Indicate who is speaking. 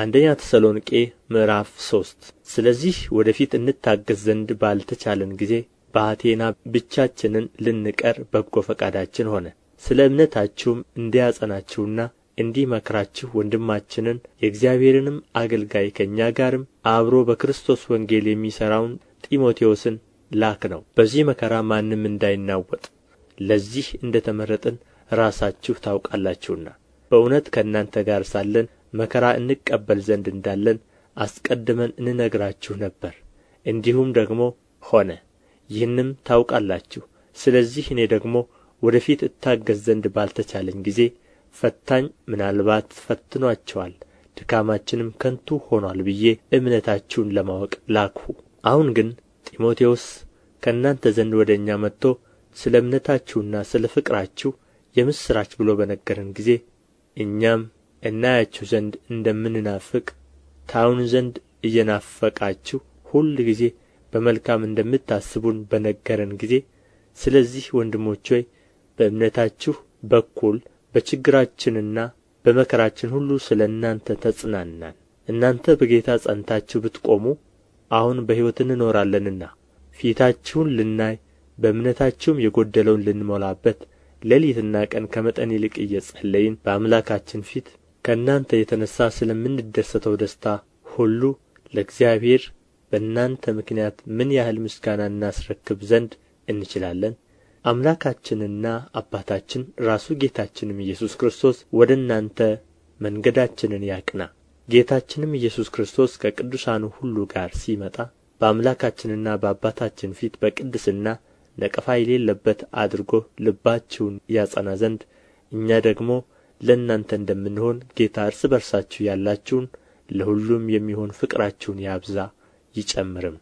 Speaker 1: አንደኛ ተሰሎንቄ ምዕራፍ ሶስት ስለዚህ ወደፊት እንታገስ ዘንድ ባልተቻለን ጊዜ በአቴና ብቻችንን ልንቀር በጎ ፈቃዳችን ሆነ ስለ እምነታችሁም እንዲያጸናችሁና እንዲመክራችሁ ወንድማችንን የእግዚአብሔርንም አገልጋይ ከእኛ ጋርም አብሮ በክርስቶስ ወንጌል የሚሠራውን ጢሞቴዎስን ነው በዚህ መከራ ማንም እንዳይናወጥ ለዚህ እንደ ተመረጥን ራሳችሁ ታውቃላችሁና። በእውነት ከእናንተ ጋር ሳለን መከራ እንቀበል ዘንድ እንዳለን አስቀድመን እንነግራችሁ ነበር እንዲሁም ደግሞ ሆነ ይህንም ታውቃላችሁ ስለዚህ እኔ ደግሞ ወደ ፊት እታገዝ ዘንድ ባልተቻለኝ ጊዜ ፈታኝ ምናልባት ፈትኗቸዋል ድካማችንም ከንቱ ሆኗል ብዬ እምነታችሁን ለማወቅ ላክሁ አሁን ግን ጢሞቴዎስ ከእናንተ ዘንድ ወደ እኛ መጥቶ ስለ እምነታችሁና ስለ ፍቅራችሁ የምሥራች ብሎ በነገረን ጊዜ እኛም እናያችሁ ዘንድ እንደምንናፍቅ ታዩን ዘንድ እየናፈቃችሁ ጊዜ በመልካም እንደምታስቡን በነገረን ጊዜ ስለዚህ ወንድሞች ሆይ በእምነታችሁ በኩል በችግራችንና በመከራችን ሁሉ ስለ እናንተ ተጽናናን። እናንተ በጌታ ጸንታችሁ ብትቆሙ አሁን በሕይወት እንኖራለንና ፊታችሁን ልናይ በእምነታችሁም የጎደለውን ልንሞላበት ሌሊትና ቀን ከመጠን ይልቅ እየጸለይን በአምላካችን ፊት ከእናንተ የተነሣ ስለምንደሰተው ደስታ ሁሉ ለእግዚአብሔር በእናንተ ምክንያት ምን ያህል ምስጋና እናስረክብ ዘንድ እንችላለን አምላካችንና አባታችን ራሱ ጌታችንም ኢየሱስ ክርስቶስ ወደ እናንተ መንገዳችንን ያቅና ጌታችንም ኢየሱስ ክርስቶስ ከቅዱሳኑ ሁሉ ጋር ሲመጣ በአምላካችንና በአባታችን ፊት በቅድስና ነቀፋ የሌለበት አድርጎ ልባችሁን ያጸና ዘንድ እኛ ደግሞ ለእናንተ እንደምንሆን ጌታ እርስ በርሳችሁ ያላችሁን ለሁሉም የሚሆን ፍቅራችሁን ያብዛ ይጨምርም